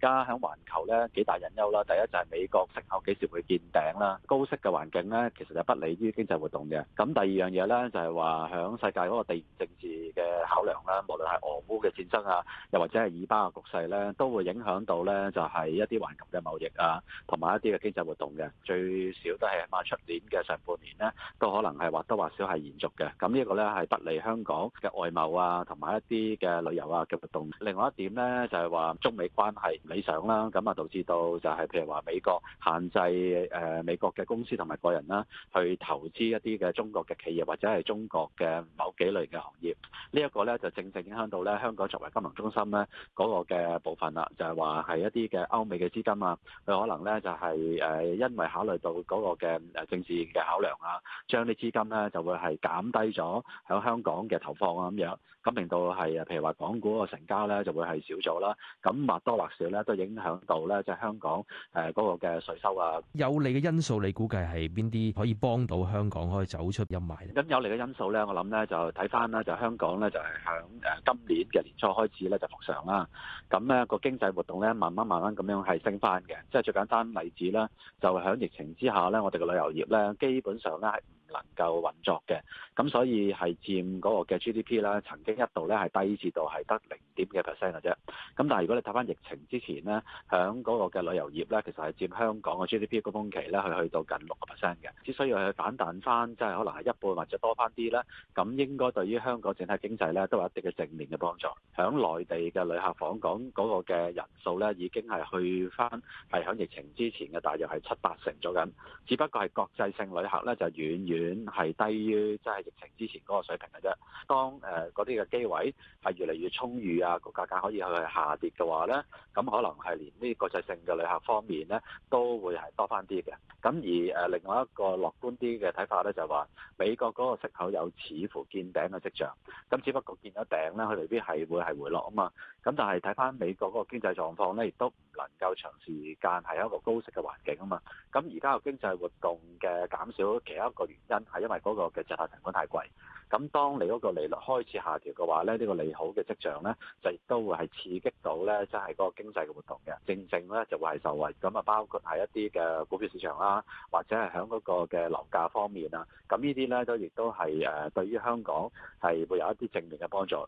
而家喺環球咧幾大隱憂啦，第一就係、是、美國息口幾時會見頂啦，高息嘅環境咧其實就不利於經濟活動嘅。咁第二樣嘢咧就係話喺世界嗰個地緣政治嘅考量啦，無論係俄烏嘅戰爭啊，又或者係以巴嘅局勢咧，都會影響到咧就係、是、一啲環球嘅貿易啊，同埋一啲嘅經濟活動嘅。最少都係起碼出年嘅上半年咧，都可能係或多或少係延續嘅。咁呢一個咧係不利香港嘅外貿啊，同埋一啲嘅旅遊啊嘅活動。另外一點咧就係、是、話中美關係理想啦，咁啊導致到就係譬如話美國限制，誒美國嘅公司同埋個人啦，去投資一啲嘅中國嘅企業或者係中國嘅某幾類嘅行業，呢一個咧就正正影響到咧香港作為金融中心咧嗰個嘅部分啦，就係話係一啲嘅歐美嘅資金啊，佢可能咧就係誒因為考慮到嗰個嘅誒政治嘅考量啊，將啲資金咧就會係減低咗響香港嘅投放啊咁樣，咁令到係譬如話港股個成交咧就會係少咗啦，咁或多或少咧。都影響到咧，就係香港誒嗰個嘅稅收啊。有利嘅因素，你估計係邊啲可以幫到香港可以走出陰霾咧？咁有利嘅因素咧，我諗咧就睇翻啦。就香港咧就係響誒今年嘅年初開始咧就復常啦。咁、那、咧個經濟活動咧慢慢慢慢咁樣係升翻嘅。即係最簡單例子啦，就喺疫情之下咧，我哋嘅旅遊業咧基本上咧係能夠運作嘅，咁所以係佔嗰個嘅 GDP 啦。曾經一度咧係低至到係得零點幾 percent 嘅啫。咁但係如果你睇翻疫情之前咧，喺嗰個嘅旅遊業咧，其實係佔香港嘅 GDP 高峰期咧係去到近六個 percent 嘅。之所以去反彈翻，即係可能係一半或者多翻啲咧，咁應該對於香港整體經濟咧都有一定嘅正面嘅幫助。喺內地嘅旅客訪港嗰個嘅人數咧已經係去翻係喺疫情之前嘅大約係七八成咗緊，只不過係國際性旅客咧就遠遠。係低於即係疫情之前嗰個水平嘅啫。當誒嗰啲嘅機位係越嚟越充裕啊，個價格可以去下跌嘅話咧，咁可能係連呢國際性嘅旅客方面咧都會係多翻啲嘅。咁而誒另外一個樂觀啲嘅睇法咧就係話，美國嗰個息口有似乎見頂嘅跡象。咁只不過見咗頂咧，佢未必係會係回落啊嘛。咁但係睇翻美國嗰個經濟狀況咧，亦都唔能夠長時間係一個高息嘅環境啊嘛。咁而家個經濟活動嘅減少，其他一個因係因為嗰個嘅借貸成本太貴，咁當你嗰個利率開始下調嘅話咧，呢、呢個利好嘅跡象咧，就亦都會係刺激到咧，即、就、係、是、個經濟嘅活動嘅，正正咧就會係受惠。咁啊，包括係一啲嘅股票市場啦、啊，或者係喺嗰個嘅樓價方面啊，咁呢啲咧都亦都係誒對於香港係會有一啲正面嘅幫助。